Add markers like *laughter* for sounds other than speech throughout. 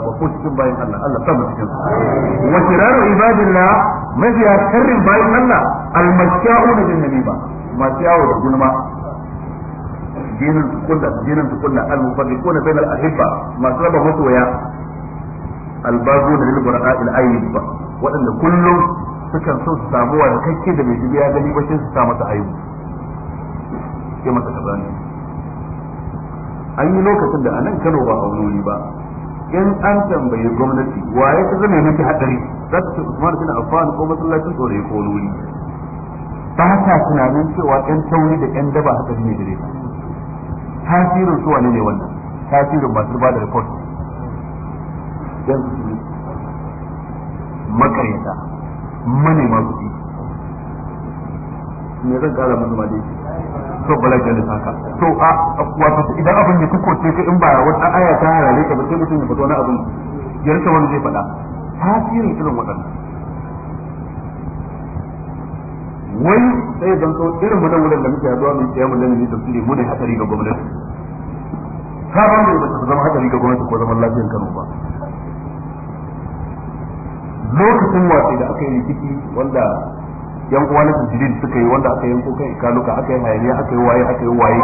ko cikin bayan Allah Allah sa mu cikin wa shiraru ibadillah mafiya karrin bayan Allah almasya'una bin namima ba. yawo da gulma dinin tukunna dinin tukunna almufarriquna bain al-ahibba masu raba masoya albabuna lil qura'a al-ayyib wadanda kullum sukan so su samu wa kakke da mai dubiya gani ba, bashin su sa masa ayyuka ke masa kazani an yi lokacin da a nan Kano ba aunoni ba in an tambaye gwamnati waye ta zama miki hadari za ta ce Usman bin Affan ko masallacin tsore ko loli ba ta tunanin cewa ɗan tauri da ɗan daba hadari ne da ta tasirin su wane ne wannan tasirin masu ba da report dan su manema su me zan kara musu ma dai to bala da saka to a wato idan abin ya kukoce ka in ba wata aya ta halale ka ba sai mutum ya fito na abin ya rika wani zai faɗa tasirin irin waɗannan wai sai dan so irin mu nan da muke zuwa mun kiyamu da ni tafsiri mu ne hatsari ga gwamnati ta ba mu ba ta zama hatsari ga gwamnati ko zaman lafiyar Kano ba lokacin wace da aka yi rikici wanda yan uwa na sujudin suka yi wanda aka yanko kan ikaluka aka yi hayaniya aka yi waye aka yi waye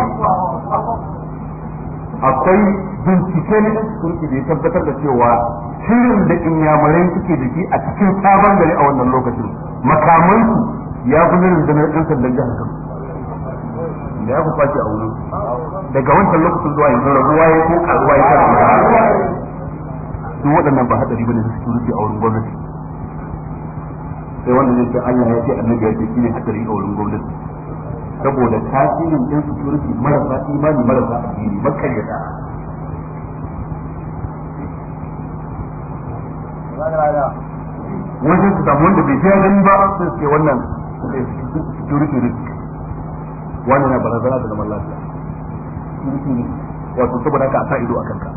akwai bincike na turki da ya tabbatar da cewa shirin da inyamurai suke da shi a cikin sabon gari a wannan lokacin makamansu ya fi mirin da ɗan sandan jihar kan da ya fi kwace a wurin daga wancan lokacin zuwa yanzu rabuwa ya ko karuwa ya kara su waɗannan ba haɗari ne da security a wurin gwamnati sai wanda zai ce Allah ya ce annabi ya ce shine hadari a wurin gwamnati saboda tasirin ɗin security marasa imani marasa addini makaryata wajen su samu wanda bai fiye gani ba su ce wannan turki eh, risk wannan na barazana da zaman lafiya turki risk wato saboda ka sa ido a kanka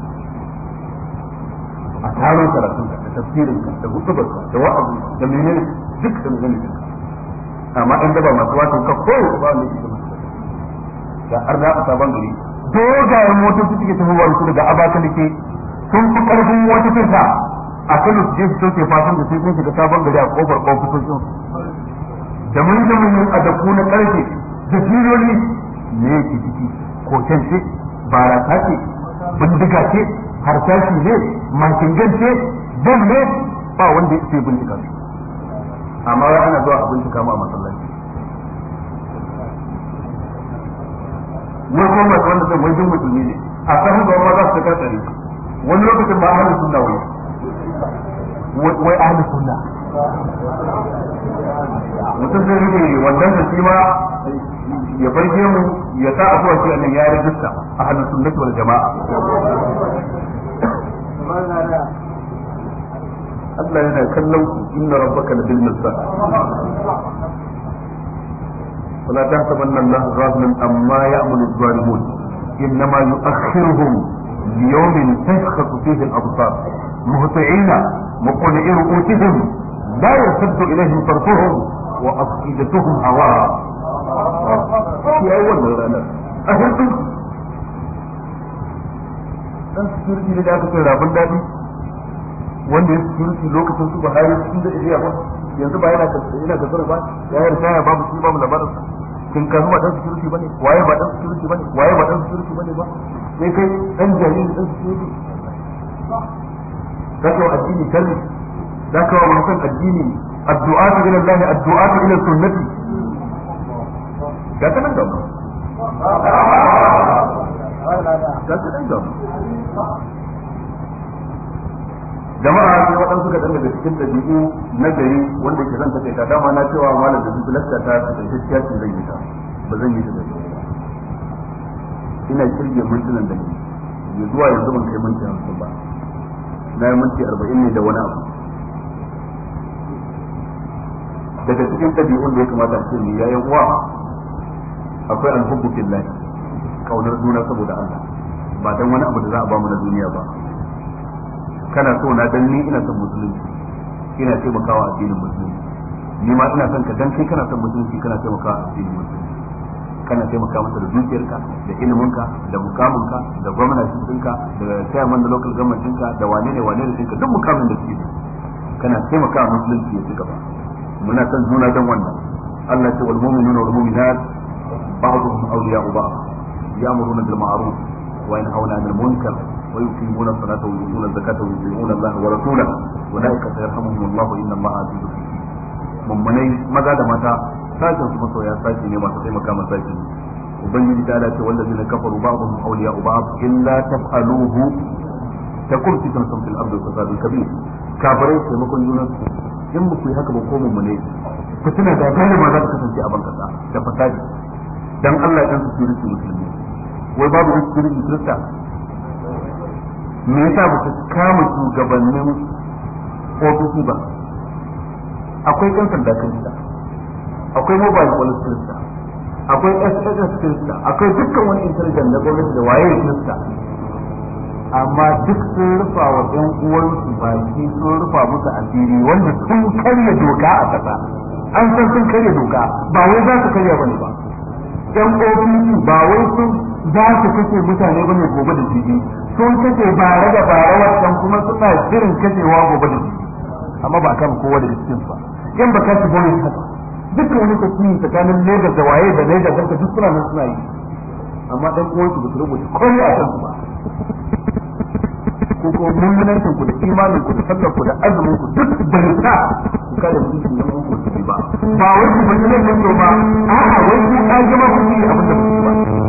a taron karatun ka da tafsirin ka da hutubar ka da wa'azi da menene duk da zan yi amma in daba masu wato ka ko ba su zama da arna a sabon gari dogayen su suke tafi wani su daga abakan da ke sun fi karfin wata ta a kan su je su soke fasan da sai sun shiga sabon gari a kofar ofisoshin da mun da mun a da na karfe da filoli ne ke ciki ko ce barasa ce bindiga ce harsashi ne makingan ce don ne ba wanda ya ce bindiga ne amma wai ana zuwa abinci kama a masallaci Mun kuma masu wanda zai wajen musulmi ne a kan ga wani za su ta tsare wani lokacin ba ahalin sunna wai wai ahalin sunna mutum zai rike wannan da shi ma ya farge mu ya sa a zuwa shi annan ya rajista ahalin sunnati wal jama'a Allah yana kallon إن ربك rabbaka la bil mirsad ولا تحسبن الله غافلا أما يأمن الظالمون انما يؤخرهم ليوم تشخص فيه الابصار مهطعين مقنعي رؤوسهم لا يرتد اليهم طرفهم وافئدتهم هواء في اول غلاله اهل dan security da aka kai rabon wanda ya security lokacin su Buhari cikin da iya ba yanzu ba yana yana da ba ya yi ritaya babu shi babu labarin sa kin kasu ba dan security bane waye ba dan security bane waye ba dan security bane ba sai kai dan jariri dan security zaka wa addini kalli zaka wa mutan addini addu'a ila Allah addu'a ila sunnati ga ta nan da mu ga ta nan da jama'a sai waɗansu ka daga cikin ɗabi'u na gari wanda ke zanta kai dama na cewa malam da zuku lakta ta su kai gaskiya ce zai yi ta ba zan yi ta da ina kirge mintunan da ni ya zuwa yanzu ban kai minti hamsin ba na yi minti arba'in ne da wani abu daga cikin ɗabi'un da ya kamata a ce ni ya yan uwa akwai alhubbu fillahi kaunar juna saboda Allah ba don wani abu da za a bamu na duniya ba kana so na dan ni ina son musulunci ina taimakawa a addinin musulunci ni ma ina son ka dan kai kana son musulunci kana taimakawa a addinin musulunci kana taimakawa masa da dukiyarka da iliminka da mukaminka da gwamnati dinka da chairman da local government dinka da wane ne wane ne dinka duk mukamin da kike kana taimakawa musulunci ya ci gaba muna son juna dan wannan Allah ya ce wal mu'minuna wal mu'minat ba'dhum awliya'u ba'd ya'muruna bil ma'ruf wa yanhauna 'anil munkar ويقيمون الصلاة ويؤتون الزكاة ويطيعون الله ورسوله أولئك سيرحمهم الله إن الله عزيز حكيم mummunai maza da mata sashen su masoya sashi ne masu taimaka masa sashi ubangiji ta dace wallazi na kafaru ba'dhum awliya ba'd illa taf'aluhu takum fitnatun fil ardi wa fasadun kabir kafirai taimakon junan su in ba ku yi haka ba ko mummune ku tuna da gane ma za kasance a ban da dan Allah dan musulmi wai babu wani kirista me yasa ba su kama shugabannin ofisi ba akwai kan sanda kirista akwai mobile police kirista akwai sss kirista akwai dukkan wani intelligent na gwamnati da waye kirista amma duk sun rufa wa ɗan uwansu baki sun rufa musu asiri wanda sun karya doka a ƙasa an san sun karya doka ba wai za su karya bane ba ɗan ofisi e ba wai sun za su kashe mutane bane gobe da jiji sun kace bare da bare wannan kuma suna shirin kacewa gobe da amma ba kan kowa da cikin ba in ba ka shigo ne haka duk wani ta tsakanin Lagos da waye da Lagos da duk suna nan suna yi amma dan uwan su su rubuta komai a kan ba ko ko mummunancin ku da imanin ku da sallar ku da azumin ku duk da rika ku kada ku yi nan ku ba ba wai ku bani nan nan ba a'a wai ku ka jama ku yi abin da ku ba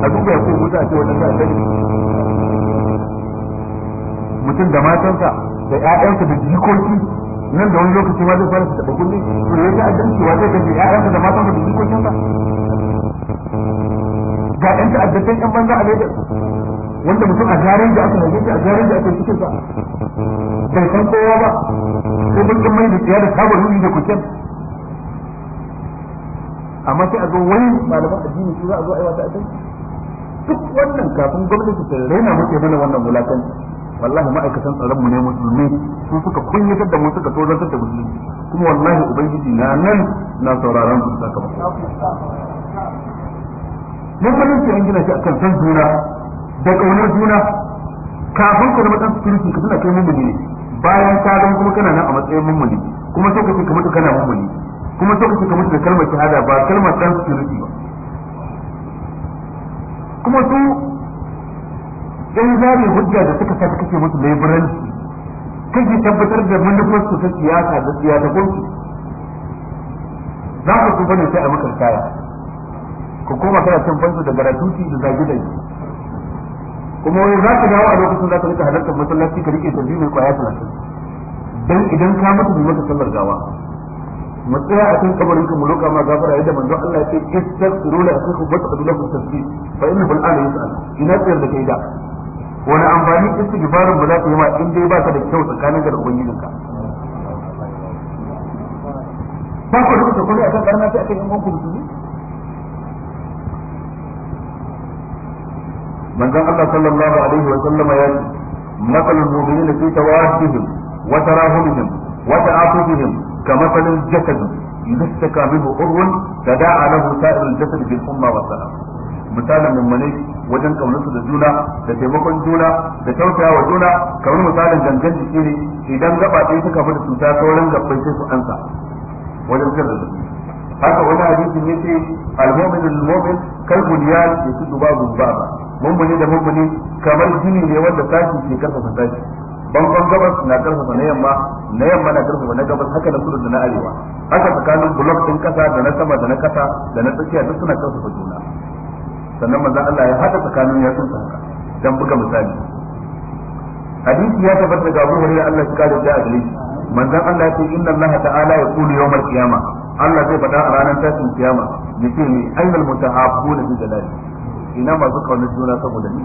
a duba ko a ce waɗanda annabi mutum da matansa da ƴaƴansa da jikoki nan da wani lokaci ma zai fara su taɓa kulle to ya ta addanci wa zai kashe ƴaƴansa da matansa da jikokinsa ga ƴan ta'addatan ƴan banza a Lagos wanda mutum a jarin da aka haife shi a jarin da aka cikin sa bai san kowa ba ko bakin mai da tsiya da tabar rubi da kuken amma sai a zo wani malaman addini su za a zo a yi wata addanci duk wannan kafin gwamnati ta raina muke mana wannan wulakanci wallahi ma'aikatan tsaron mu ne musulmi su suka kunyatar da mu suka tozar da musulmi kuma wallahi ubangiji na nan na sauraron su sakamako mun fahimci an gina shi akan san juna da kaunar juna kafin ku zama dan security ka tana kai mummuni ne bayan ka zama kuma kana nan a matsayin mummuni kuma sai ka ce ka mutu kana mummuni kuma sai ka ce ka mutu da kalmar shahada ba kalmar dan security ba kuma su in zari hujja da suka saka kake musu laiburanci kake tabbatar da su ta siyasa da siyasa gunki za ku bane sai a maka kaya ku koma kana cin fansu da garatuci da zagi kuma wai za ka dawo a lokacin za ka rika halartar masallaci ka rike tarbi mai kwaya talatin dan idan ka mutu bai masa sallar gawa mu a kan kabarin ka mu roka ma gafara yadda manzo Allah ya ce istaghfiru la akhikum wa taqabbalu tasbih fa innahu al'ana yas'al ina tsayar da kai da wani amfani istighfarin ba za ka yi ma in dai baka da kyau tsakanin ka da ubangijinka ba ku rubuta kuma akan karna sai akan yan uwanku musulmi manzon Allah sallallahu alaihi wa sallama ya ce مثل المؤمنين في توافهم وتراهمهم وتعاطفهم كمثل الجسد ينسك منه عضو تداعى له سائر الجسد في الحمى والسلام misalin mummune wajen kaunarsu da juna da taimakon juna da tausaya wa juna kamar misalin gangan jiki ne idan gaba ɗaya suka fi da cuta sauran gabbai su ansa wajen kar da su haka wani hadisin yace al-mu'min al-mu'min kal bunyan yasudu babu baba da mummune kamar gini ne wanda sashi ke karfafa sashi bangon gabas na karfafa na yamma na yamma na karfafa na gabas haka na kudu da na arewa haka tsakanin blok din kasa da na sama da na kasa da na tsakiya duk suna karfafa juna sannan manzon Allah ya hada tsakanin ya tsunta haka dan buga misali hadisi ya tabbata daga Abu Hurairah Allah ya kare da adalci manzon Allah ya ce inna Allah ta'ala kulu yawmal qiyama Allah zai faɗa a ranar tashin kiyama yace ni ainal mutahabbuna bi jalali ina masu kaunar juna saboda ni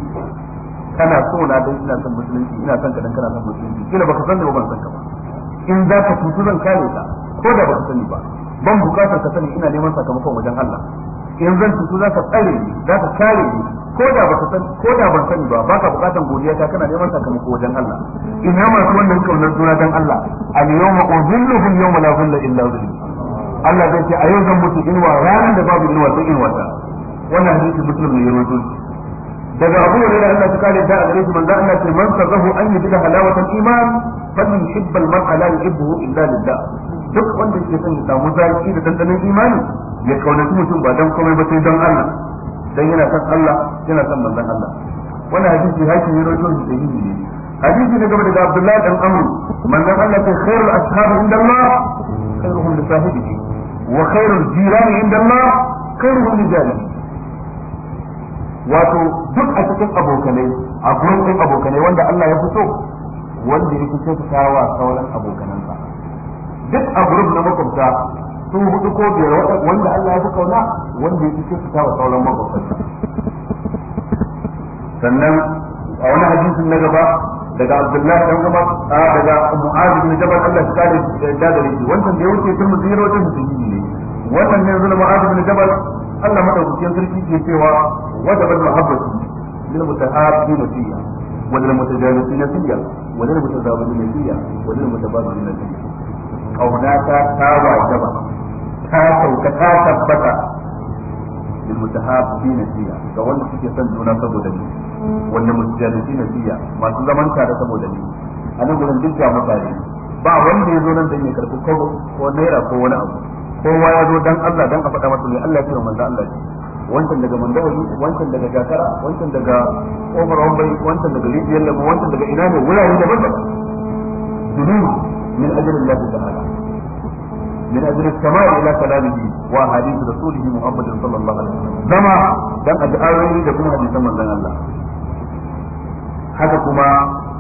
kana so na dan ina son musulunci ina son ka dan kana son musulunci kila baka san da ban san ka ba in za ka tutu zan kare ka ko da baka sani ba ban bukatar ka sani ina neman sakamakon wajen Allah in zan tutu za ka tsare ni za ka kare ni ko da baka sani, ko da ban sani ba baka bukatar godiya ta kana neman sakamakon wajen Allah ina masu wannan kaunar juna dan Allah al yawma uzilluhum yawma la zilla illa zilli Allah zai ce a yau zan mutu inuwa ranar da babu inwa sai inwa ta wannan hadisi mutum ne ya rawaito daga abu ne da Allah suka da a gare shi manzo Allah ce man sabahu an yi da halawatul iman fadin shibbal man ala yuhibbu illa lillah duk wanda ke son ya samu zaki da dandanon imani ya kaunaci mutum ba dan komai ba sai dan Allah dan yana son Allah yana son manzon Allah wannan hadisi hakin ne rawaito shi da yini ne hadisi ne game da Abdullah dan Amr manzon Allah ce khairul ashab inda Allah khairuhum li sahibihi wa khairul jirani inda Allah khairuhum li jarihi wato duk a cikin abokanai a gurbin abokanai wanda Allah ya fito wanda ya fito kawa sauran abokanansa duk a gurbin na makwabta su hudu ko biyar wanda Allah ya fi kauna wanda ya fito kawa sauran makwabta sannan a wani hadisin na gaba daga Abdullahi dan gaba a daga Mu'adh bin Jabal Allah ya kare da dare wannan da ya wuce sun mu zira wajen su ne wannan ne zulma Mu'adh bin Jabal Allah madaukakin sarki ke cewa wajabat mahabbati lil mutahabbin fiha wa lil mutajalisin fiha wa lil mutazawwidin fiha wa lil mutabadilin fiha kauna ta ta wajaba ta sauka ta tabbata lil mutahabbin fiha ga wanda suke son juna saboda ni wanda mutajalisin fiha masu zaman tare saboda ni a nan gurin duk ga mutane ba wanda ya zo nan da ya karɓi ko naira ko wani abu kowa ya zo dan Allah dan a faɗa masa ne Allah ya ce manzo Allah ce wancan daga mandawari wancan daga jakara wancan daga kofar wambai wancan daga rijiyar labo wancan daga ina ne wurare daban daban dudu min ajrin Allah ta'ala من اجل السماء الى كلامه واحاديث رسوله محمد صلى الله عليه وسلم Zama dan addu'o'i da kuma hadisan manzon Allah haka kuma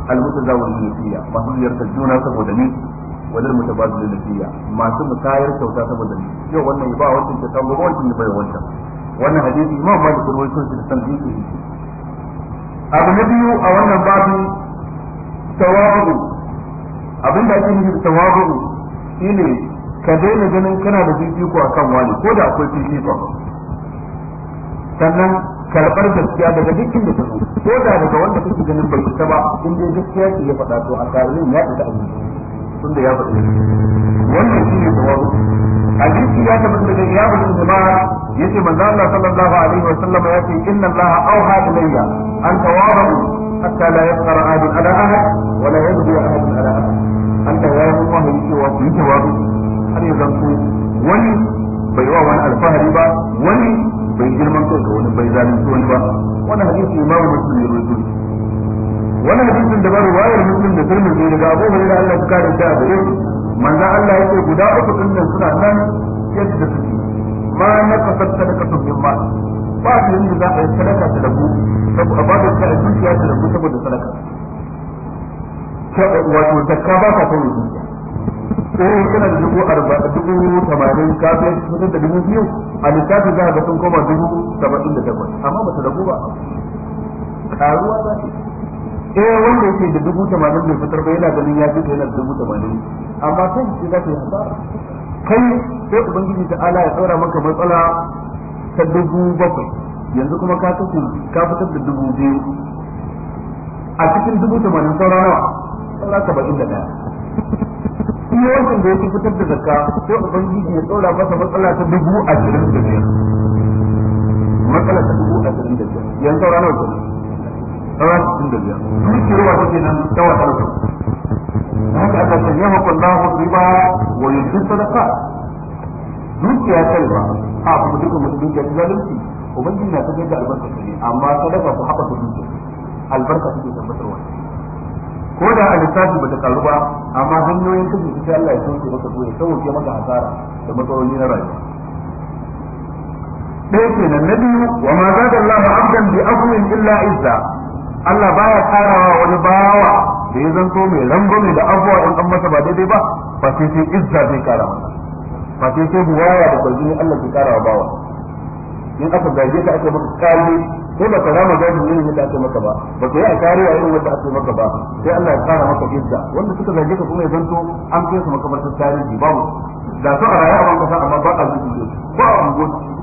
al-mutazawwil niyya masu ziyartar juna saboda ni walil da fiya masu musayar kyauta saboda ni yau wannan ya ba wancan kyauta gobe wancan ya wancan wannan hadisi imam ba da kurwai sun da san biyu abu na biyu a wannan babu tawabu da ake yi da tawabu shine ka daina ganin kana da fifiko a kan wani ko da akwai fifiko sannan karɓar gaskiya daga dukkan da ko da daga wanda kake ganin bai ta ba in dai gaskiya ce ya faɗa to a tsarin ya fita a tunda ya faɗi wannan shi ne tawazu hadisi ya tabbata daga ya faɗi kuma yace manzo Allah sallallahu alaihi wa sallam ce, inna Allah auha ilayya an tawadu hatta la yaqra ahadun ala ahad wa la yabdi ahadun ala ahad Allah ya yi wahayi cewa ku yi tawazu har ya zanto wani bai wa wani alfahari ba wani bai girman kai ga wani bai zalunci wani ba wannan hadisi imamu muslim ya rawaito wani hadisin da ba wayar muslim da tirmidhi daga Abu da Allah ya kare shi a gare manzo Allah ce guda uku din nan suna nan yadda suke ma na kasar sadaka min ba ba su yin da za a yi sadaka ta rabu saboda ba da a dukiya ta rabu saboda sadaka wato zakka ba ta kawo dukiya sai eh, kana da dubu arba'in dubu tamanin kafin fitar da dubu biyu a lissafi za a ga sun koma dubu saba'in da takwas amma ba ta rabu ba karuwa za ta yi eh wanda yake da dubu tamanin bai fitar ba yana ganin ya fito yana da dubu tamanin amma kai shi za ka yi hasara kai sai ubangiji ta ala ya tsara maka matsala ta dubu bakwai yanzu kuma ka kashe ka fitar da dubu biyu a cikin dubu tamanin saura nawa saura saba'in da ɗaya iya wancan da yake fitar da zakka sai ubangiji ya tsara masa matsala ta dubu ashirin da biyar matsala ta dubu ashirin da biyar yanzu saura nawa kenan tsara sittin da biyar duk ruwa ke nan tawa ɗauka haka aka ce ya haƙon lahu riba wa yankin sadaka dukiya kai ba a kuma duka mutum dukiya ta zalunci ubangiji na tafiya da albarka ne amma sadaka ku haɓaka dukiya albarka take tabbatarwa ko da a lissafi ba ta karu ba amma hanyoyin kashe su sai Allah ya sauke maka su ya sauke maka hasara da matsaloli na rayuwa ɗaya kenan na biyu wa ma zada Allah abdan bi afwin illa izza Allah baya tsarawa wani bawa da ya zanto mai rangwame da abuwa in an masa ba daidai ba ba sai sai izza zai kara masa ba sai sai buwaya da kwarjini Allah zai kara wa bawa in aka gaje ka aka maka kalli sai baka rama ne ne yadda aka maka ba ba ka yi a kare a irin wanda aka maka ba sai Allah ya kara maka izza wanda suka gaje ka kuma ya zanto an kai su makabartar tarihi babu da su a rayuwa ban kasa amma ba a zuciya ba a unguwa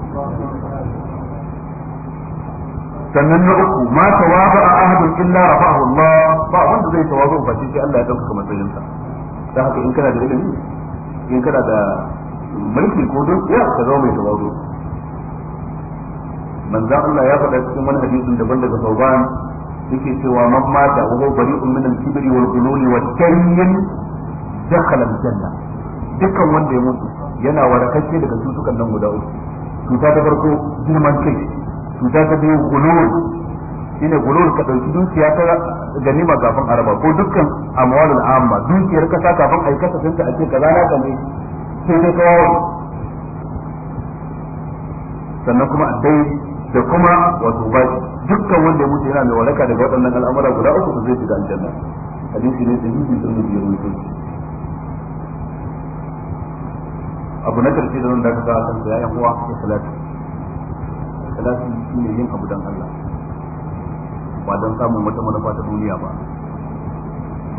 sannan na uku ma tawaba a ahadun illa rafa'ahu Allah ba wanda zai tawaba ba shi Allah ya dauka matsayin sa dan haka in kana da ilimi in kana da mulki ko dukiya ka zama mai tawaba manzo Allah ya faɗa cikin wani hadisin daban daga Sauban yake cewa man mata wa huwa bari'un min al-kibri wal ghululi wat tayyin dakhala al-janna dukkan wanda ya mutu yana warakakke daga cutukan nan guda uku cuta ta farko girman kai cuta ta biyu gulul shine gulul ka dauki dukiya ta ganima kafin araba ko dukkan amwalul amma dukiyar kasa kafin ai kasa ta ake kaza na kan sai dai ka wawo sannan kuma addai da kuma wato ba dukkan wanda ya mutu yana mai waraka daga waɗannan al'amura guda uku su zai shiga aljanna hadisi ne sahihi sun da biyar mutum abu na karshe da nan da ka sa a kan ya yan uwa da salatu ikhlasi shine yin abu dan Allah ba dan samun wata manufa ta duniya ba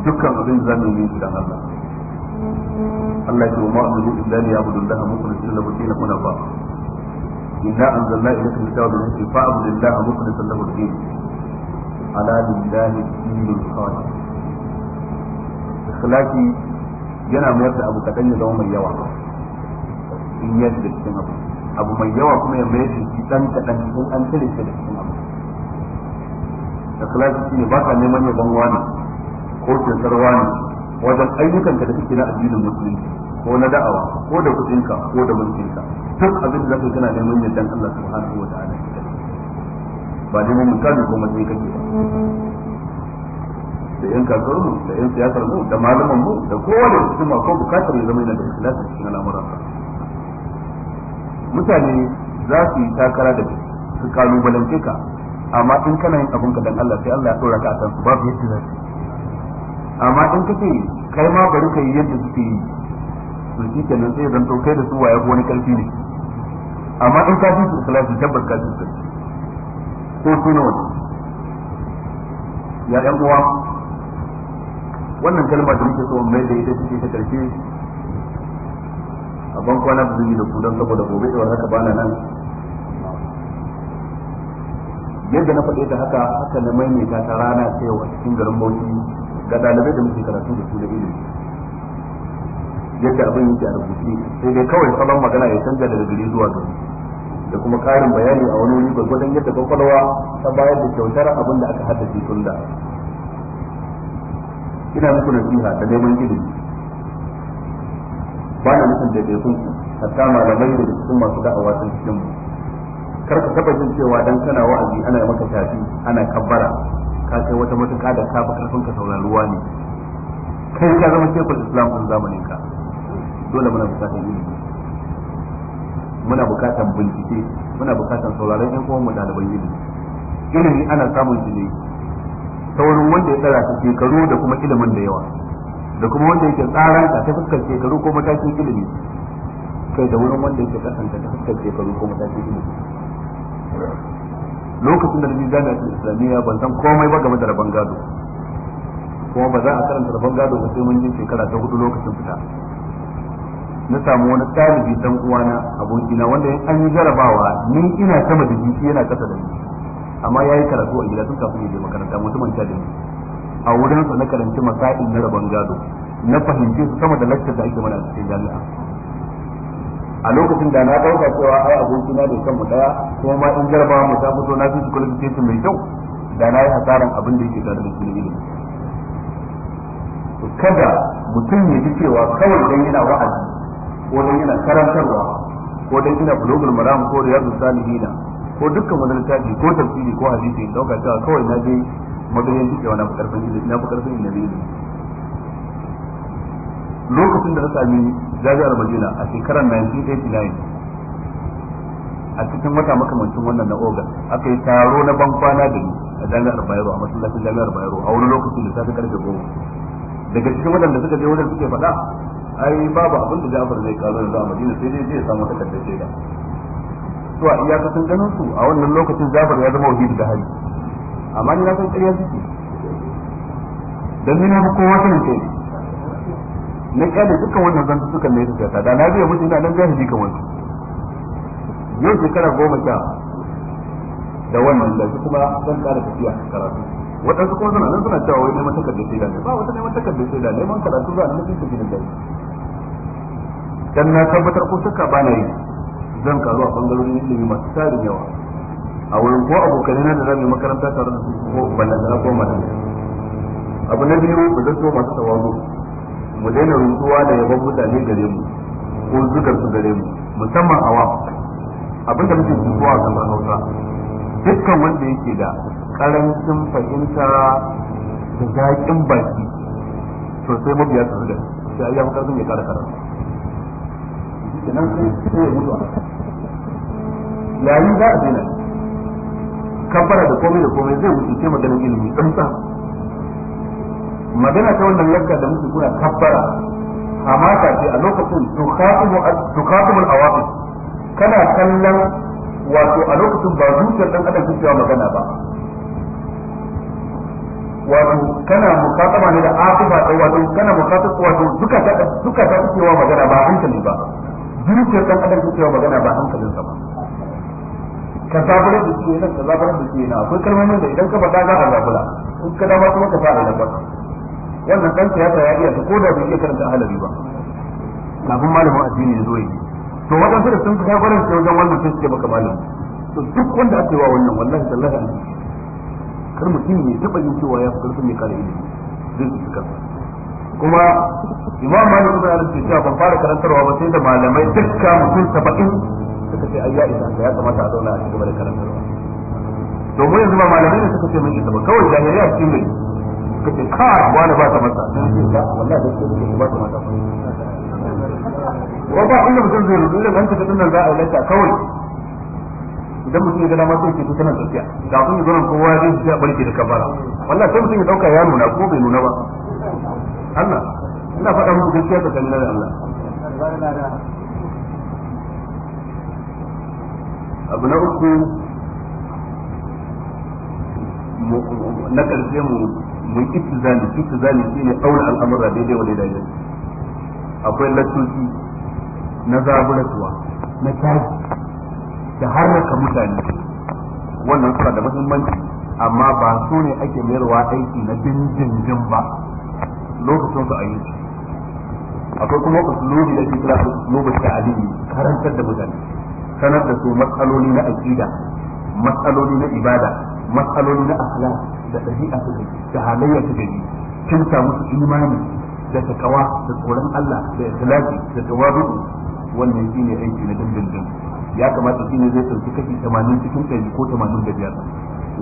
dukkan abin da zamu yi dan Allah Allah da umma azu illa ya abudu Allah mukhlishan lahu dinan ba inna da ilayka kitaba bil da Allah mukhlishan lahu din ala lillahi dinul khalis ikhlasi yana mayar da abu kadan ya zama mai yawa in yadda cikin abu abu mai yawa kuma ya mayar da shi dan kaɗan in an cire shi da cikin abu ikhlasi ne ba ka neman yaban wani ko kyautar wani wajen ayyukan da kake na addinin musulunci ko na da'awa ko da kudinka ko da mulkinka duk abin da zaka kana neman yardan Allah subhanahu wa ta'ala ba dai mun misali ko matsayi kake ba da yan kasuwar mu da yan siyasar mu da malaman mu da kowane da cikin masu bukatar ya zama yana da ikhlasi cikin al'amuransa mutane za su yi takara da su kalubalance ka amma in kana yin abinka don Allah sai Allah ya tsora ka a kansu babu yadda yi. amma in ka ce kai ma bari ka yi yadda suke yi to shi kenan sai zan to kai da su waya wani karfi ne amma in ka fi su ikhlasi tabbas ka fi ko suna wani ya ɗan uwa wannan kalma da muke so mai da ita take ta karfi a ban kwana ba zan yi da ku don saboda gobe da haka bana nan yadda na faɗe ta haka haka na maimaita ta rana ta yau a cikin garin bauchi ga ɗalibai da muke karatu da su da ilimi yadda abin yake a rubuce sai dai kawai salon magana ya canza daga gari zuwa gari da kuma ƙarin bayani a wani rigar gwadon yadda kwakwalwa ta bayar da kyautar abin da aka haddace tun da ina muku nasiha da neman ilimi ba na nufin bai su a malamai da cikin masu da'awa sun cikin mu kar ka taba jin cewa dan kana wa'azi ana maka tafi ana kabbara ka kai wata matuƙa da ka fa karfin ka saurari ne kai ka zama shekul islam ɗin zamanin ka dole muna bukatar ilimi muna bukatar bincike muna bukatar sauraron yan uwan dalibai ɗaliban ilimi ilimi ana samun shi ne ta wurin wanda ya tsara shekaru da kuma ilimin da yawa da kuma wanda yake tsaran ta fuskar shekaru ko matakin ilimi kai da wurin wanda yake kasanta ta fuskar shekaru ko matakin ilimi lokacin da nabi jami'a islamiyya ban san komai ba game da rabon gado kuma ba za a karanta rabon gado ba sai mun yi shekara ta hudu lokacin fita na samu wani ɗalibi dan uwana abokina wanda an yi jarabawa ni ina sama da jiki yana kasa da ni amma ya yi karatu a gida tun kafin ya je makaranta mutumin ta da ni a wurin na karanci masail na rabon gado na fahimci su sama da lakcin da ake mana a cikin jami'a a lokacin da na ɗauka cewa ai abokina da kan mu daya kuma ma in jarba mu ta fito na kullum ce mai kyau da na yi hasaran abin da yake tare da shi ilimi kada mutum ya ji cewa kawai dan yana wa'azi ko dan yana karantarwa ko dan yana bulogul maram ko riyadu salihina ko dukkan wani littafi ko tafsiri ko hadisi ɗauka cewa kawai na je magaryan duk yawa na fi karfin ilimi na fi karfin ilimi lokacin da ta sami jajiyar madina a shekarar 1989 a cikin wata makamancin wannan na ogan aka yi taro na bankwana da ni a jami'ar bayero a masallacin jami'ar bayero a wani lokacin da ta fi karfe goma daga cikin waɗanda suka je wajen suke faɗa ai babu abin da jafar zai karo yanzu a madina sai dai zai samu takardar shaida to a iyakacin ganin su a wannan lokacin jafar ya zama wahidi da hali. amma ni na san ƙarya suke dan ni na fi kowa ce kai na ƙyale dukkan wannan zan suka ne su ta da na biya mutu ina nan gashi kan wannan yau shekara goma sha da wannan da kuma zan ƙara tafiya karatu waɗansu kuma suna nan suna cewa wai neman takardar da ne ba wata neman takardar da neman karatu za a nan cikin gidan gari dan na tabbatar ko shakka ba na yi zan karu a bangarorin ilimi masu tarin yawa a wurin ko abokan na da zamu makaranta tare da su ko da ko mata abu na biyu mu zanto masu tawazu mu daina runtuwa da yabon mutane gare mu ko zukar su gare mu musamman a wa abin da muke tuntuwa a kasar Hausa dukkan wanda yake da karancin fahimta da zaƙin baki to sai mabiya su zuga sai ayyamu karfin ya kara karatu kenan sai ya mutu a yayin za a daina kabbara da komai da komai zai wuce ce maganar ilimi tsantsa magana ta wannan lakka da muke kuna kabbara hamata ce a lokacin tukhatibu al-awaqi kana kallon wato a lokacin ba zuciyar dan adam take magana ba wato kana mukataba ne da aqiba da wato kana mukataba wato duka ta duka ta cewa magana ba hankali ba zuciyar dan adam cewa magana ba hankalinsa ba ka zaburar da suke nan ka zaburar da suke nan akwai kalmomin da idan ka faɗa za a zabura in ka dama kuma ka sa a labar wannan kan siyasa ya iya ta ko da bai iya karanta halabi ba kafin malamin addini ya zo yi to waɗansu da sun fi shagoran sai wajen wannan sai suke baka malamin to duk wanda ake wa wannan wallahi tallahi an kar mutum ya taɓa yin cewa ya fi karfin ne kare ilimi zai su suka kuma imam malik ibn al-sisi ban fara karantarwa ba sai da malamai dukkan mutum saba'in suka ce ai ya isa ya kamata a zauna a cikin da karantarwa to mu yanzu ba malamai ne suka ce mun isa ba kawai jahiliya cikin mai suka ce ka wani ba ta masa wallahi da ke suke ba ta masa ko ba inda mutum zai rubu da an tafi nan za a lanta kawai idan mutum ya ga dama sai ke tana tafiya ga kun yi gurin kowa zai ji barke da kabara wallahi sai mutum ya dauka ya nuna ko bai nuna ba Allah ina faɗa muku gaskiya tsakanin da Allah abu na uku na karshe mu mun ittizali shi ne daura al'amura daidai wa daidai akwai lattoci na zaburatuwa na kyaji da harraka mutane wannan suna da muhimmanci amma ba su ne ake mayarwa aiki na dindindin ba lokacin su a yi akwai kuma usulubi da ke kira usulubi ta'alimi karantar da mutane sanar da su matsaloli na aqida matsaloli na ibada matsaloli na akhlaq da dabi'a su da halayya su da kin ta musu imani da takawa da tsoron Allah da ikhlasi da tawadu wannan shine aiki na dindindin ya kamata shine zai sauki kashi 80 cikin 100 ko 85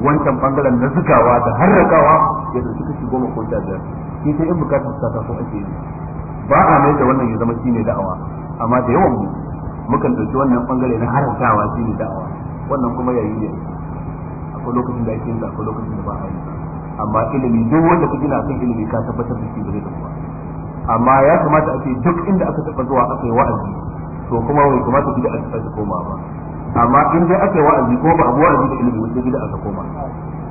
wancan bangaren na zukawa da harrakawa ya dauki kashi 10 ko 15 shi sai in bukatar ta taso ake ba a mai da wannan ya zama shine da'awa amma da yawan mu mukan ɗauki wannan bangare na haramtawa shi ne da'awa wannan kuma yayi ne akwai lokacin da ake yin akwai lokacin da ba a yi amma ilimi duk wanda kuke gina kan ilimi ka tabbatar da shi ba zai tafi amma ya kamata a ce duk inda aka taɓa zuwa aka yi wa'azi to kuma bai kamata gida a ta koma ba amma in dai aka yi wa'azi ko ba abu wa'azi da ilimi wanda gida aka koma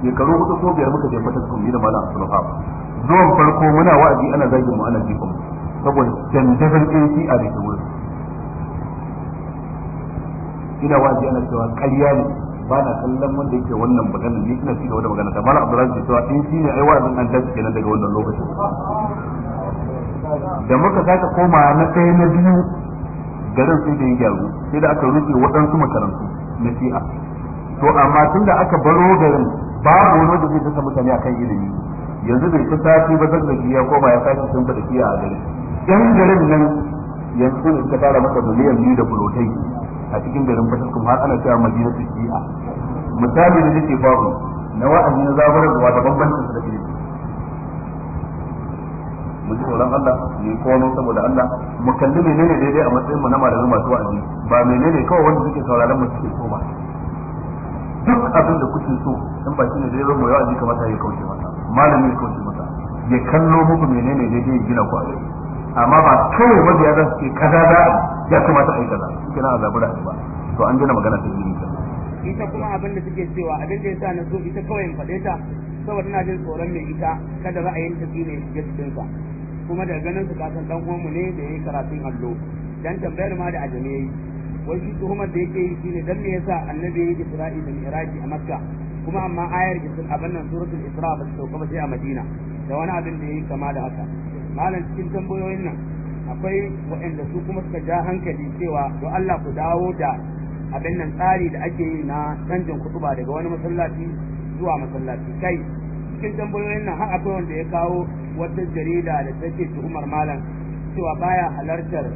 shekaru hudu ko biyar muka je fatas kuma ni da malam abdulhab zuwan farko muna wa'azi ana zagin mu ana mu saboda dandazon ACR a da ke wurin ina waje ana cewa ƙarya ne ba na kallon wanda yake wannan magana ne ina ci gaba da magana ta malam abdullahi ke cewa in shine ai wa'azin an dace kenan daga wannan lokacin da muka sake koma na ɗaya na biyu garin sai da ya gyaru sai da aka rufe waɗansu makarantu na shi'a to amma tun da aka baro garin babu wani da zai dasa mutane akan ilimi yanzu bai ta sati ba zazzaki ya koma ya sake sun faɗa shi'a a garin yan garin nan yanzu ne suka tara masa miliyan biyu da bulotai a cikin garin kuma har ana cewa Madina su shi'a misali da nake babu na wa'azi na zaburarwa da bambancin da ke mu ji tsoron Allah mu kono saboda Allah mu kalli menene daidai a matsayin mu na malamin masu wa'azi ba menene kawai wanda suke sauraron mu suke so ba duk abin da kuke so in ba shine daidai mu wa'azi kamata ya kauce mata malamin ya kauce mata ya kallo muku menene daidai ya gina ku a amma ba kawai wanda ya zan kaza za a ya kuma a yi kina a da ba to an gina magana ta ilimi ita kuma abin da suke cewa abin da ya sa na so ita kawai in faɗe ta saboda ina jin tsoron mai ita kada ra'ayin ta tsine ya cikin sa kuma da ganin su kasan dan uwanmu ne da yayi karatun allo dan tambayar ma da ajami yayi wai shi tuhumar da yake yi shine dan me yasa annabi yayi Isra'i da Mi'raji a Makka kuma amma ayar gisul abin nan suratul Isra ba ta sauka ba sai a Madina da wani abin da yayi kama da haka malam cikin tambayoyin nan akwai waɗanda su kuma suka ja hankali cewa to Allah ku dawo da abin nan tsari da ake yi na canjin kutuba daga wani masallaci zuwa masallaci kai cikin tambayoyin nan har akwai wanda ya kawo wata jarida da ta take Umar malam cewa baya halartar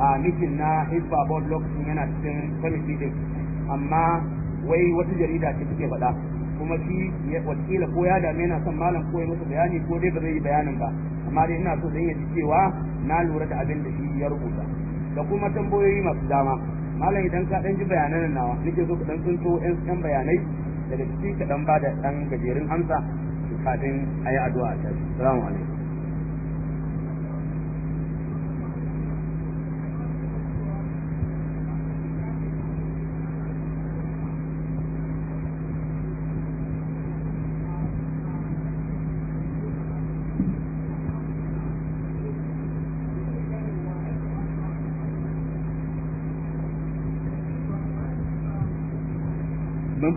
a mikin na Hisba Board lokacin yana cikin kwamiti din amma wai wata jarida ce take faɗa kuma shi wakila ko ya dame na son malam ko ya masa bayani ko dai ba zai yi bayanin ba amma dai ina so zan yi cewa na lura da abin da shi ya rubuta da kuma tambayoyi masu dama malam idan ka dan ji bayanan nawa nake so ka dan tsinto ɗan yan bayanai daga ciki ka dan da dan gajerun amsa kafin ayi addu'a ta assalamu alaikum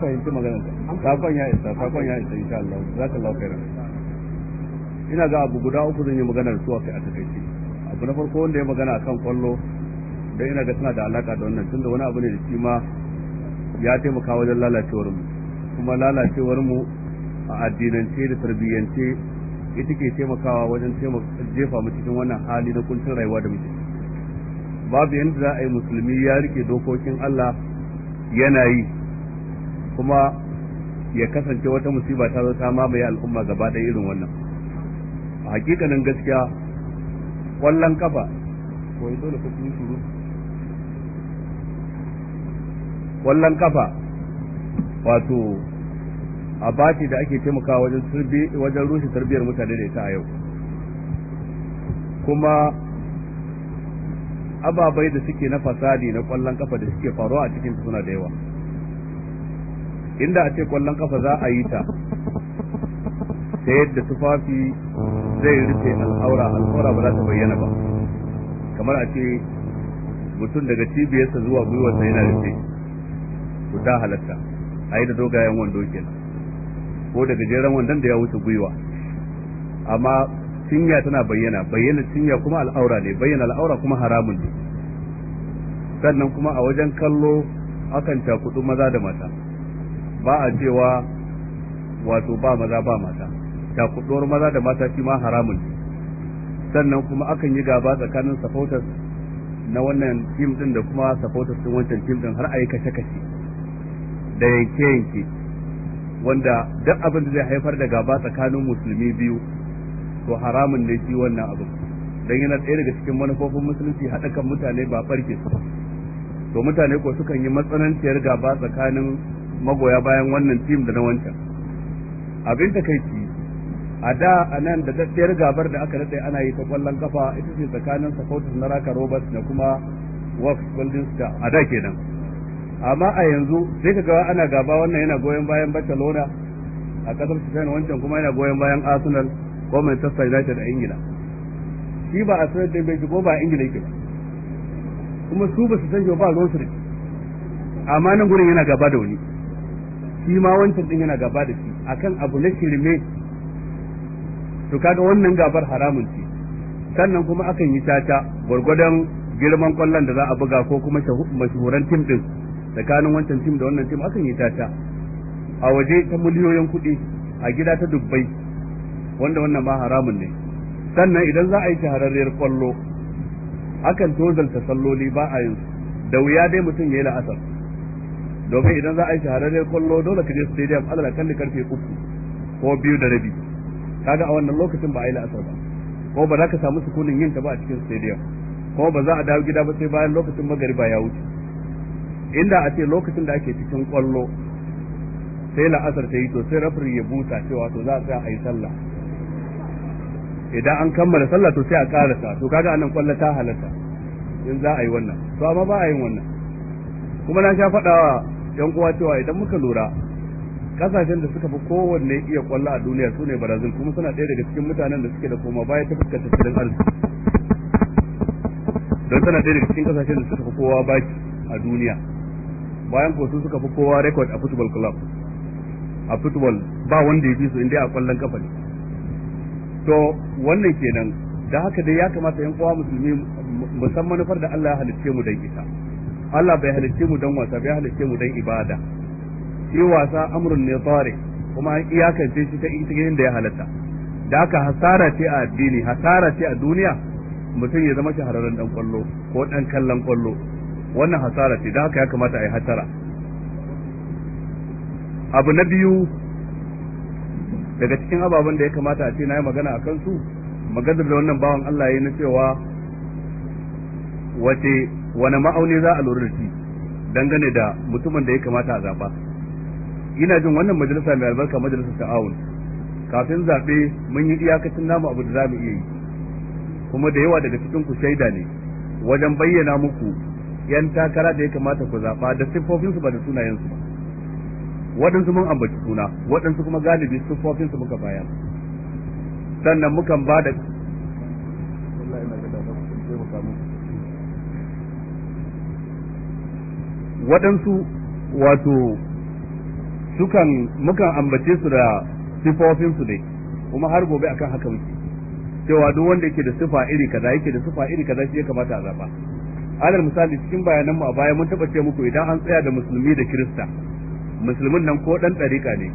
fahimci maganar sakon ya isa sakon ya isa insha Allah ka Allah khairan ina ga abu guda uku zan yi maganar su a kai a takaice abu na farko wanda ya magana akan kwallo dan ina ga tana da alaka da wannan tunda wani abu ne da shi ma ya taimaka wajen lalacewar mu kuma lalacewar mu a addinance da tarbiyyance ita ke taimakawa wajen jefa mu cikin wannan hali na kuncin rayuwa da muke babu yadda za a yi musulmi ya rike dokokin Allah yana yi kuma ya kasance wata musiba ta zo ta mamaye al'umma gaba ɗaya irin wannan a hakikanin gaskiya kwallon kafa ko yi dole kuma shuru kwallon kafa wato a bace da ake taimakawa wajen wajen rushe tarbiyar mutane da ita a yau kuma ababai da suke na fasadi na kwallon kafa da suke faruwa a cikin suna da yawa inda a ce kwallon kafa za a yi ta ta yadda tufafi zai rufe al'aura al'aura ba za ta bayyana ba kamar a ce mutum daga cibiyarsa zuwa gwiwarsa yana rufe ku ta halatta a yi da dogayen wando kenan ko da gajeren wandon da ya wuce gwiwa amma cinya tana bayyana bayyana cinya kuma al'aura ne bayyana al'aura kuma haramun ne sannan kuma a wajen kallo akan cakudu maza da mata ba a cewa wato ba maza ba mata ta cakuɗuwar maza da mata shi ma haramun sannan kuma akan yi gaba tsakanin supporters na wannan team din da kuma supporters din wancan team din har a yi kashe-kashe da yanke-yanke wanda duk abin da zai haifar da gaba tsakanin musulmi biyu to haramun ne shi wannan abin dan yana ɗaya daga cikin manufofin musulunci haɗa kan mutane ba farke su to mutane ko sukan yi matsananciyar gaba tsakanin magoya bayan wannan tim da na wancan abin da kai ci a da a nan da daddiyar gabar da aka daɗe ana yi ta kwallon kafa ita ce tsakanin supporters na raka roberts da kuma wax golden star a da kenan amma a yanzu sai ka ga ana gaba wannan yana goyon bayan barcelona a kasar spain wancan kuma yana goyon bayan arsenal ko manchester united a ingila shi ba a sanar da bai ko ba a ingila yake kuma su ba su san ba ruwan su amma nan gurin yana gaba da wani shi ma wancan din yana gaba da shi akan abu na shirme to kaga wannan gabar haramun ce sannan kuma akan yi tata gwargwadon girman kwallon da za a buga ko kuma mashahuran tim din tsakanin wancan tim da wannan tim akan yi tata a waje ta miliyoyin kuɗi a gida ta dubbai wanda wannan ba haramun ne sannan idan za a yi shahararriyar kwallo akan tozalta salloli ba a yin da wuya dai mutum ya yi la'asar domin idan za a yi shahararren kwallo dole ka je stadium alal kalli karfe uku ko biyu da rabi kaga a wannan lokacin ba a yi la'asar ba ko ba za ka samu sukunin yin ta ba a cikin stadium ko ba za a dawo gida ba sai bayan lokacin magariba ya wuce inda a ce lokacin da ake cikin kwallo sai la'asar ta yi to sai rafin ya buta cewa to za a tsaya a yi sallah idan an kammala sallah to sai a karasa to kaga anan kwallo ta halatta in za a yi wannan to amma ba a yin wannan kuma na sha faɗawa yan kuwa cewa idan muka lura kasashen da suka fi kowanne iya kwallo a duniya su ne brazil kuma suna ɗaya daga cikin mutanen da suke da koma baya ta fuskar tattalin arziki don suna ɗaya daga cikin kasashen da suka fi kowa baki a duniya bayan ko su suka fi kowa record a football club a football ba wanda ya fi su inda a kwallon kafa ne to wannan kenan da haka dai ya kamata yan kowa musulmi musamman manufar da Allah ya halicce mu dan ita Allah bai halicce mu dan wasa bai halicce mu dan ibada shi wasa amrun ne tsare kuma an iyakance shi ta cikin da ya halatta da aka hasara ce a addini hasara ce a duniya mutum ya zama shahararren dan kwallo ko dan kallon kwallo wannan hasara ce da ya kamata a yi hasara abu na biyu daga cikin ababen da ya kamata a ce na yi magana a kansu maganar da wannan bawan Allah ya yi na cewa wace wani ma'auni za a lura da shi dangane da mutumin da ya kamata a zaba ina jin wannan majalisa mai albarka ta sha'awun kafin zaɓe mun yi iyakacin namu abu da za mu iya yi kuma da yawa daga cikin ku shaida ne wajen bayyana muku yan takara da ya kamata ku zaba da siffofinsu ba da sunayensu ba waɗansu mun ambaci suna waɗansu kuma galibi siffofinsu muka bayar sannan mukan ba da waɗansu wato sukan mukan ambace su da sifofinsu ne kuma har gobe akan haka muke cewa duk wanda yake da sifa iri kaza yake da sifa iri kaza shi ya kamata a zaba alal misali cikin bayanan mu a baya mun taba ce muku idan an tsaya da musulmi da kirista musulmin nan ko dan dariƙa ne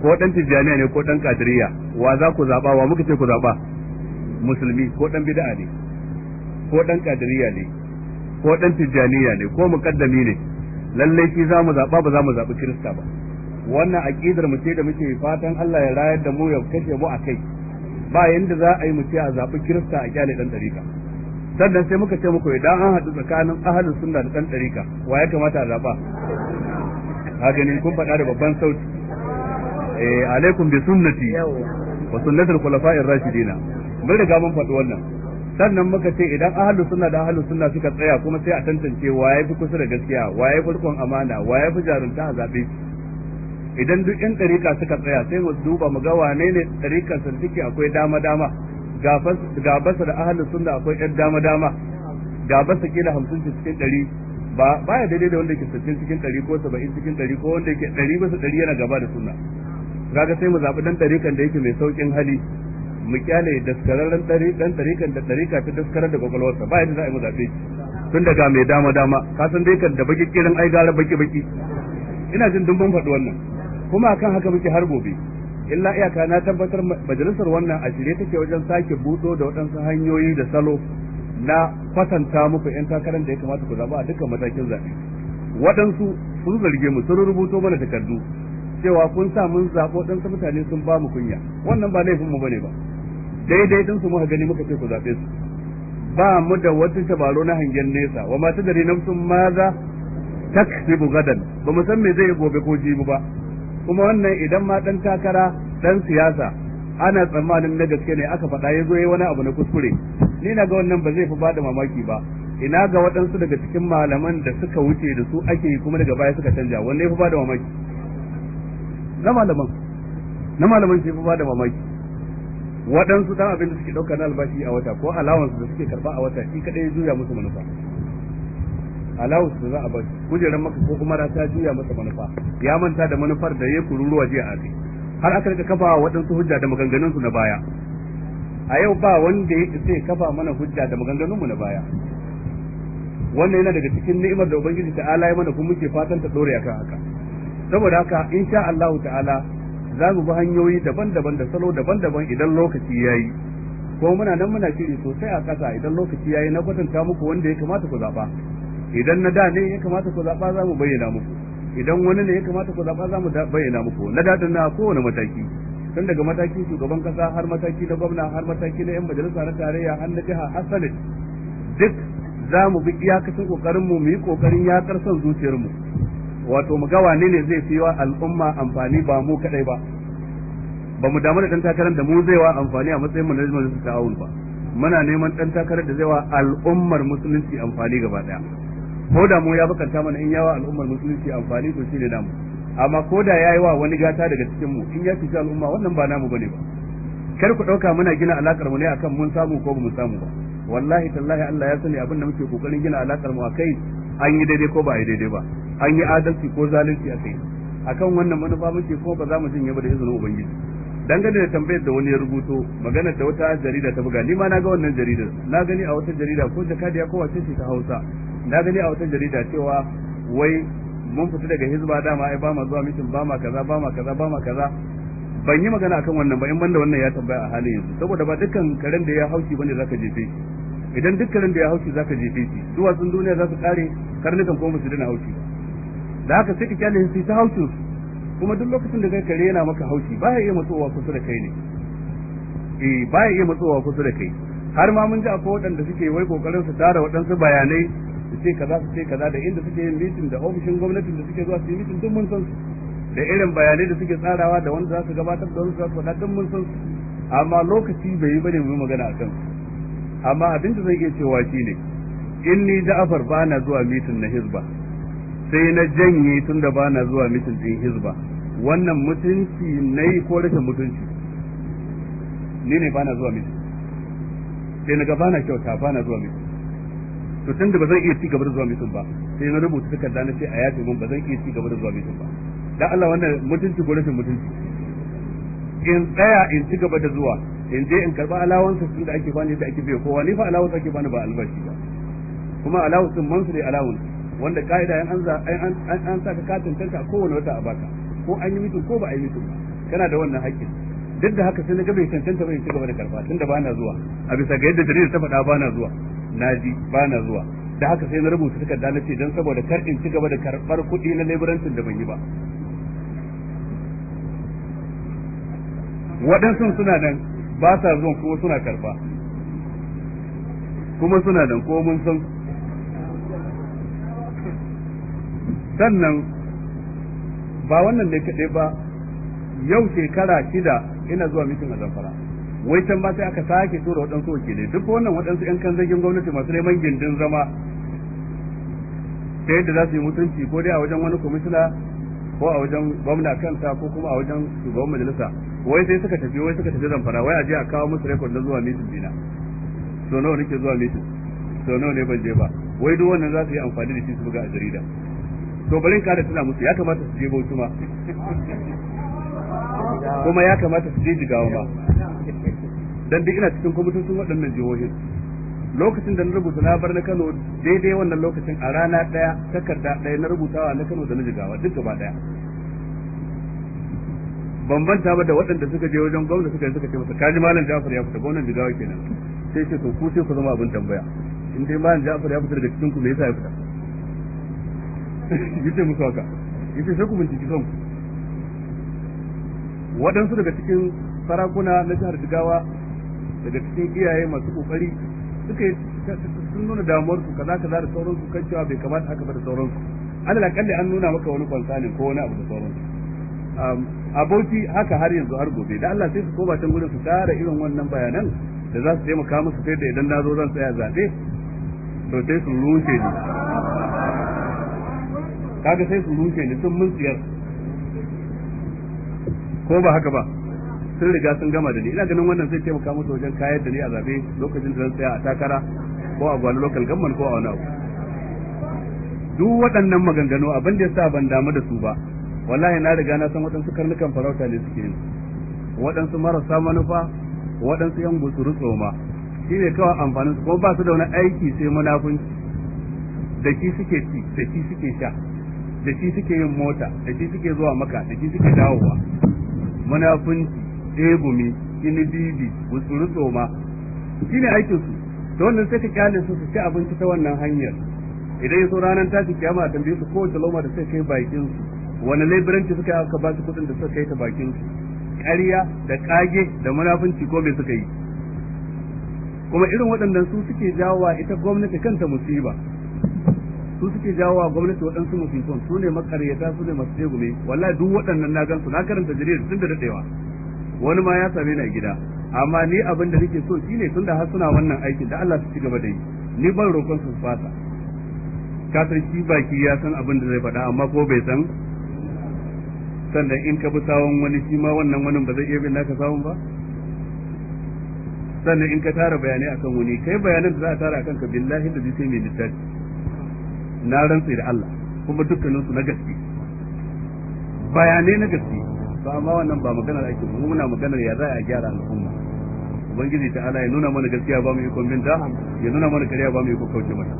ko dan tijaniya ne ko dan kadiriya wa za ku zaba wa muka ce ku zaba musulmi ko dan bid'a ne ko dan kadiriya ne ko dan tijjaniya ne ko mukaddami ne lallai shi za mu zaɓa ba za mu zaɓi kirista ba wannan aƙidar mu ce da muke fatan Allah ya rayar da mu ya kashe mu a kai ba yanda za a yi mu ce a zaɓi kirista a kyale ɗan ɗarika sannan sai muka ce muku idan an haɗu tsakanin ahalin sunna da ɗan ɗarika wa ya kamata a zaɓa a ganin kun faɗa da babban sauti eh alaikum bi sunnati wa sunnatul khulafa'ir rashidina mun riga mun faɗi wannan sannan muka ce idan ahlus sunna da ahlus sunna suka tsaya kuma sai a tantance waye fi kusa da gaskiya waye fi rikon amana waye fi jarunta a zaɓe idan duk yan ɗarika suka tsaya sai mu duba mu ga wane ne ɗarikan sun suke akwai dama dama ga basa da ahlus sunna akwai yan dama dama ga basa kila hamsin cikin ɗari ba baya daidai da wanda ke sittin cikin ɗari ko saba'in cikin ɗari ko wanda ke ɗari basa ɗari yana gaba da sunna kaga sai mu zaɓi ɗan ɗarikan da yake mai sauƙin hali mu kyale daskararren dan tarikan da tarika ta daskarar da kwakwalwarsa ba yadda za a yi mazafe tun daga mai dama dama ka san dai kan da baki kirin ai gara baki baki ina jin dumban faɗi wannan kuma akan haka muke har gobe illa iyaka na tabbatar majalisar wannan a shirye take wajen sake buɗo da waɗansu hanyoyi da salo na kwatanta muku yan takarar da ya kamata ku zaɓa a dukkan matakin zaɓe waɗansu sun zarge mu sun rubuto mana takardu cewa kun sa mun zaɓo ɗansu mutane sun ba mu kunya wannan ba laifin mu bane ba daidai din su muka gani muka ce ku zabe su ba mu da wata tabaro na hangen nesa wa ma na nafsun maza taksibu gadan ba mu san me zai gobe ko jibi ba kuma wannan idan ma dan takara dan siyasa ana tsammanin na gaske ne aka faɗa ya zo ya wani abu na kuskure ni na ga wannan ba zai fi bada mamaki ba ina ga waɗansu daga cikin malaman da suka wuce da su ake yi kuma daga baya suka canja wanda ya fi bada mamaki na malaman na malaman shi fi bada mamaki waɗansu dan abin da suke ɗauka na albashi a wata ko allowance da suke karɓa a wata shi kaɗai ya juya musu manufa allowance da za a bashi kujerar maka ko kuma da ta juya masa manufa ya manta da manufar da ya kururuwa jiya a kai har aka rika kafa waɗansu hujja da maganganunsu na baya a yau ba wanda ya sai kafa mana hujja da maganganunmu na baya wannan yana daga cikin ni'imar da ubangiji ta'ala ya mana kuma muke fatan ta dore akan haka saboda haka insha Allah ta'ala za mu bi hanyoyi daban-daban da salo daban-daban idan lokaci ya yi ko muna nan muna shiri sosai a ƙasa idan lokaci ya yi na kwatanta muku wanda ya kamata ku zaɓa idan na da ne ya kamata ku zaɓa za mu bayyana muku idan wani ne ya kamata ku zaɓa za mu bayyana muku na daɗin na kowane mataki tun daga matakin shugaban kasa har mataki na gwamna har mataki na 'yan majalisa na tarayya har na jiha har sanad duk za mu bi iyakacin kokarin mu mu yi kokarin yaƙar son zuciyar mu wato mu ga wane ne zai fi wa al'umma amfani ba mu kadai ba ba mu damu da dan takarar da mu zai wa amfani a matsayin mu na majalisar ta'awun ba muna neman dan takarar da zai wa al'ummar musulunci amfani gaba daya ko da mu ya bukanta mana in yawa al'ummar musulunci amfani to shine namu amma ko da yayi wa wani gata daga cikin mu in ya fice al'umma wannan ba namu bane ba kar ku dauka muna gina alakar mu ne akan mun samu ko mu samu ba wallahi tallahi Allah ya sani abin da muke kokarin gina alakar mu akai an yi daidai ko ba a yi daidai ba an yi adalci ko zalunci a kai akan wannan manufa muke kuma ba za mu jin ba da izinin ubangiji dangane da tambayar da wani ya rubuto magana da wata jarida ta buga ni ma na ga wannan jaridar na gani a wata jarida ko jakadiya ko wace ce ta Hausa na gani a wata jarida cewa wai mun fita daga hizba dama ai ba ma zuwa mitin ba ma kaza ba ma kaza ba ma kaza ban yi magana akan wannan ba in banda wannan ya tambaya a halin yanzu saboda ba dukkan karen da ya haushi bane zaka jefe idan dukkan da ya haushi zaka jefe shi duwatsun duniya za su kare karnukan ko musu dana haushi ba da haka sai ka kyale su ta haushin su kuma duk lokacin da kai kare yana maka haushi baya iya matsowa kusa da kai ne eh baya iya matsowa kusa da kai har ma mun ji akwai waɗanda suke wai kokarin su tara waɗansu bayanai su ce kaza su ce kaza da inda suke yin mitin da ofishin gwamnatin da suke zuwa su yi mitin duk mun san su da irin bayanai da suke tsarawa da wanda za su gabatar da wani za su faɗa duk mun san su amma lokaci bai yi bane mu magana akan su amma abin da zai iya cewa shine inni da'afar ba na zuwa mitin na hizba sai na janye tun da ba na zuwa mitin din hizba wannan mutunci na yi ko rashin mutunci ni ne ba na zuwa mitin sai na ga ba na kyauta ba na zuwa mitin to tun da ba zan iya ci gaba da zuwa mitin ba sai na rubuta takarda na ce a ya mun ba zan iya ci gaba da zuwa mitin ba da Allah wannan mutunci ko rashin mutunci in tsaya in ci gaba da zuwa in je in karba alawansa tun da ake bani da ake bai kowa ni fa alawansa ake bani ba albashi ba kuma alawansa man ne alawansa wanda ka'ida an an saka katin tanka a kowane wata a baka ko an yi mutum ko ba a yi mutum kana da wannan haƙƙin duk da haka sai na ga bai cancanta bai ci gaba da karfa tunda ba na zuwa a bisa ga yadda jaridar ta faɗa ba na zuwa na ji ba na zuwa da haka sai na rubuta takarda na ce don saboda kar in ci gaba da karɓar kuɗi na leburancin da ban yi ba waɗansu suna nan ba sa zuwa kuma suna karɓa kuma suna nan ko mun san sannan ba wannan ne kaɗai ba yau shekara shida ina zuwa mikin a zamfara wai can ma sai aka sake tura waɗansu wakilai duk wannan waɗansu ƴan kan zagin gwamnati masu neman gindin zama ta yadda za su yi mutunci ko dai a wajen wani kwamishina ko a wajen gwamna kansa ko kuma a wajen shugaban majalisa wai sai suka tafi wai suka tafi zamfara wai a je a kawo musu rekod na zuwa mitin dina so nawa nake zuwa mitin so nawa ne ban je ba wai duk wannan za su yi amfani da shi su buga a jarida to bari in kare tuna musu ya kamata su je bautu ma kuma ya kamata su je jigawa ma dan duk ina cikin kwamitocin waɗannan jihohin lokacin da na rubuta na bar na Kano daidai wannan lokacin a rana ɗaya takarda ɗaya na rubutawa na Kano da na jigawa duk gaba ɗaya bambanta ba da waɗanda suka je wajen gwamna suka yi suka ce masa kaji malam Jafar ya fita gwamnan jigawa kenan sai ce to ku sai ku zama abin tambaya in dai malam Jafar ya fita daga cikin ku me yasa ya fita *laughs* yace musu haka yace sai ku binciki kanku waɗansu daga cikin sarakuna na jihar Jigawa daga cikin iyaye masu kokari suka sun nuna damuwar su kaza kaza da su kan cewa bai kamata haka ba da an da kalli an nuna maka wani kwansa ne ko wani abu da sauran su bauchi haka har yanzu har gobe da Allah sai su koma can gurin su tara irin wannan bayanan da za su taimaka musu sai da idan na zo zan tsaya zaɓe to sai su rushe ni kaga sai su rufe ni sun mun siyar ko ba haka ba sun riga sun gama da ni ina ganin wannan zai taimaka musu wajen kayar da ni a zabe lokacin da zan tsaya a takara ko a gwani lokal gamman ko a wani abu duk waɗannan maganganu abin da ya sa ban damu da su ba wallahi na riga na san waɗansu karnukan farauta ne suke yin waɗansu marasa manufa waɗansu yan busuru tsoma shi ne kawai amfanin su kuma ba su da wani aiki sai munafunci da shi suke ci da shi suke sha da shi suke yin mota da shi suke zuwa maka da shi suke dawowa munafunci egumi inibibi wutsuru tsoma shi ne aikin su ta wannan sai ka kyale su su ci abinci ta wannan hanyar idan ya so ranar tashi kyama a su kowace loma da suka kai bakin su wani laibiranci suka aka ba su kudin da suka kai ta bakin su da kage da munafunci ko me suka yi kuma irin waɗannan su suke jawowa ita gwamnati kanta musiba su suke jawo wa gwamnati waɗansu musifin su ne makaryata su ne masu tsegume wallahi duk waɗannan na gansu na karanta jirgin tun da daɗewa wani ma ya same ni a gida amma ni abin da nake so shine tun da har suna wannan aikin da Allah su ci gaba da yi ni ban roƙon su fasa ka san shi baki ya san abin da zai faɗa amma ko bai san sannan in ka bi sawon wani shi ma wannan wani ba zai iya bin naka sawon ba sannan in ka tara bayanai akan wani kai bayanan da za a tara akan ka billahi da sai mai littafi na rantsi da Allah kuma dukkanin su na gaske bayanai na gaske to amma wannan ba maganar ake mu muna maganar ya za a gyara al'umma ubangiji ta Allah ya nuna mana gaskiya ba mu yi da ya nuna mana kariya ba mu yi kauce mata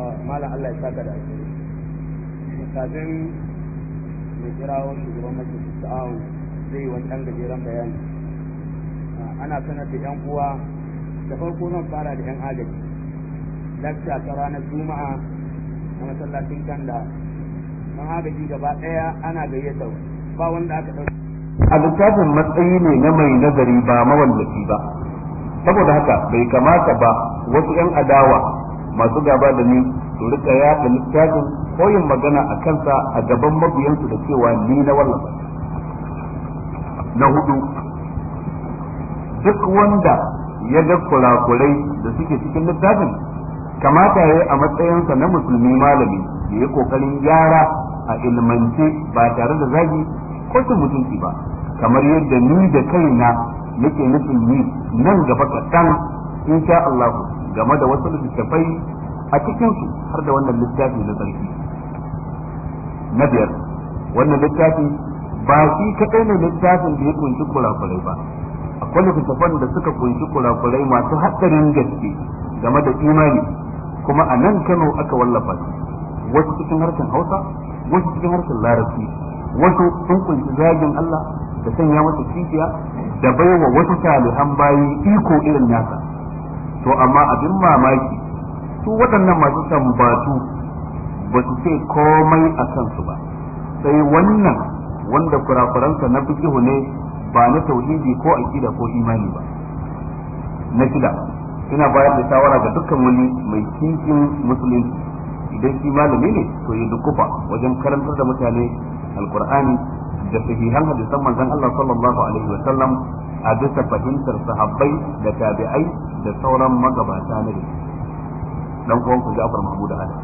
ah, malam Allah ya saka da shi kafin mai kirawo shugaban majalisar sa'awu zai yi wani ɗan gajeren bayani ah, ana sanar da 'yan uwa da farko zan fara da yan agaji lakta ta ranar juma'a na masallacin kanda yan agaji gaba ɗaya ana gayyata ba wanda aka ɗauki a littafin matsayi ne na mai nazari ba mawallafi ba saboda haka bai kamata ba wasu yan adawa masu gaba da ni su rika yaɗa littafin koyin magana a kansa a gaban mabiyansu da cewa ni na wallafa na hudu duk wanda ya ga kurakurai da suke cikin littafin kamata ya yi a matsayinsa na musulmi malami ya yi kokarin gyara a ilmance ba tare da zagi ko cin mutunci ba kamar yadda ni da kaina nake nufin ni nan gaba kaɗan insha allahu game da wasu littattafai a cikinsu har da wannan littafi na tsarki na biyar wannan littafi ba shi kaɗai ne littafin da ya kunshi kurakurai ba akwai littattafan da suka kunshi kurakurai masu haɗarin gaske game da imani kuma a nan Kano aka wallafa su wasu cikin harshen Hausa wasu cikin harshen Larabci wasu sun kunshi zagin Allah da sanya masa kishiya da baiwa wasu talihan bayi iko irin nasa to amma abin mamaki su waɗannan masu tambatu ba su ce komai a kansu ba sai wannan wanda kurakuransa na fikihu ne ba na tauhidi ko aqida ko imani ba na shida ina bayar da shawara ga dukkan wani mai kinkin musulunci idan shi malami ne to ya dukufa wajen karantar da mutane alqur'ani da sahihan hadisan manzon Allah sallallahu alaihi wa sallam a bisa fahimtar sahabbai da tabi'ai da sauran magabata na dan uwan ku Ja'far Mahmud Adam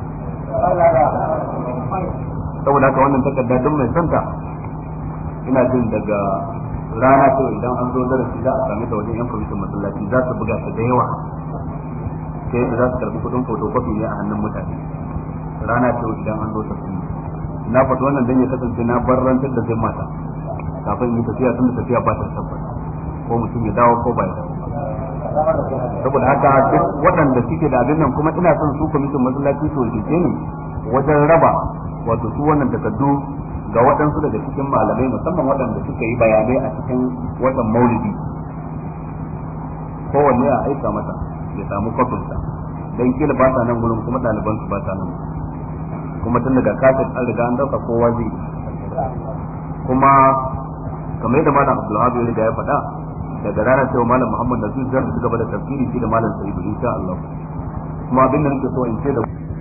saboda haka wannan takarda duk mai santa ina jin daga rana ko idan an zo darasi za a sami ta wajen yan kwamitin masallaci za su buga shi da yawa ta yadda za su karbi kudin fotokofi ne a hannun mutane rana ce idan an zo tafsiri na fata wannan dan ya kasance na bar barrantar da mata kafin yi tafiya sun da tafiya ba ta tabbata ko mutum ya dawo ko ba ya saboda haka duk waɗanda suke da abin nan kuma ina son su kwamitin masallaci su rikice ne wajen raba wato su wannan takardu ga waɗansu daga cikin malamai musamman waɗanda suka yi bayanai a cikin watan maulidi kowanne a aika mata ya samu kwatunta don kila ba nan gurin kuma ɗaliban su ba ta nan kuma tun daga kafin an riga an ɗauka kowa zai kuma kamar yadda malam abdulhabi ya riga ya faɗa daga ranar cewa malam muhammad nasu zai su gaba da tafsiri shi da malam sa'idu insha allah kuma abin da nake so in ce da